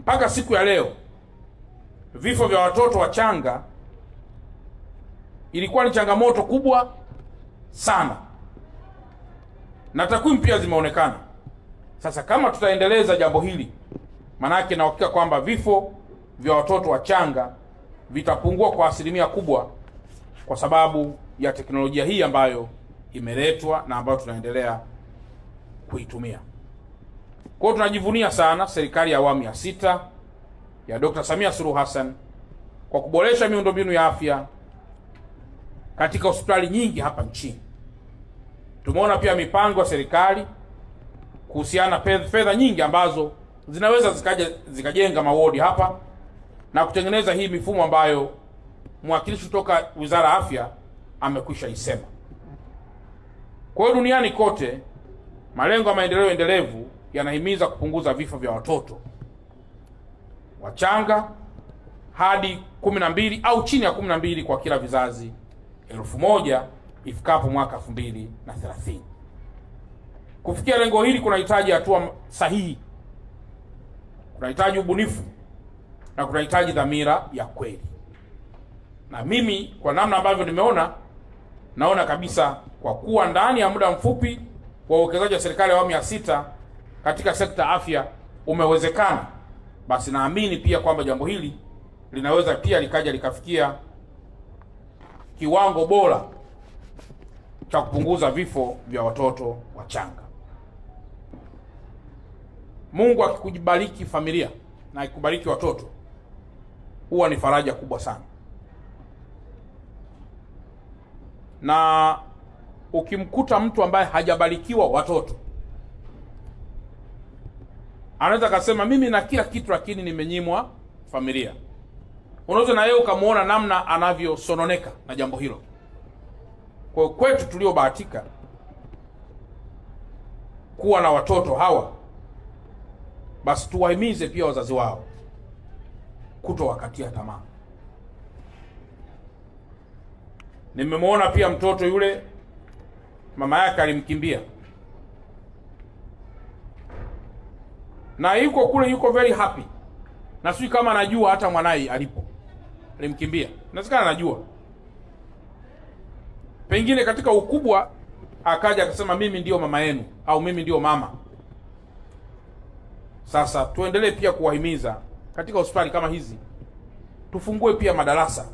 mpaka siku ya leo vifo vya watoto wachanga ilikuwa ni changamoto kubwa sana, na takwimu pia zimeonekana. Sasa kama tutaendeleza jambo hili, manake na uhakika kwamba vifo vya watoto wachanga vitapungua kwa asilimia kubwa, kwa sababu ya teknolojia hii ambayo imeletwa na ambayo tunaendelea kuitumia. Kwa tunajivunia sana serikali ya awamu ya sita ya Dkt. Samia Suluhu Hassan kwa kuboresha miundombinu ya afya katika hospitali nyingi hapa nchini. Tumeona pia mipango ya serikali kuhusiana fedha nyingi ambazo zinaweza zikaje zikajenga mawodi hapa na kutengeneza hii mifumo ambayo mwakilishi kutoka Wizara ya Afya amekwisha isema. Kwa hiyo duniani kote malengo ya maendeleo endelevu yanahimiza kupunguza vifo vya watoto wachanga hadi kumi na mbili au chini ya kumi na mbili kwa kila vizazi elfu moja ifikapo mwaka elfu na Kufikia lengo hili kunahitaji hatua sahihi, kunahitaji ubunifu na kunahitaji dhamira ya kweli, na mimi kwa namna ambavyo nimeona, naona kabisa kwa kuwa ndani ya muda mfupi wa uwekezaji wa serikali ya awamu ya sita katika sekta afya umewezekana, basi naamini pia kwamba jambo hili linaweza pia likaja likafikia kiwango bora cha kupunguza vifo vya watoto wachanga. Mungu akikubariki familia na akikubariki watoto, huwa ni faraja kubwa sana, na ukimkuta mtu ambaye hajabarikiwa watoto anaweza akasema mimi na kila kitu, lakini nimenyimwa familia. Unaweza na yeye ukamwona namna anavyosononeka na jambo hilo. Kwa kwetu tuliobahatika kuwa na watoto hawa, basi tuwahimize pia wazazi wao kutowakatia tamaa. Nimemwona pia mtoto yule mama yake alimkimbia na yuko kule, yuko very happy, na sijui kama anajua hata mwanai alipo, alimkimbia. Nasikana anajua, pengine katika ukubwa akaja akasema mimi ndiyo mama yenu, au mimi ndiyo mama. Sasa tuendelee pia kuwahimiza katika hospitali kama hizi tufungue pia madarasa.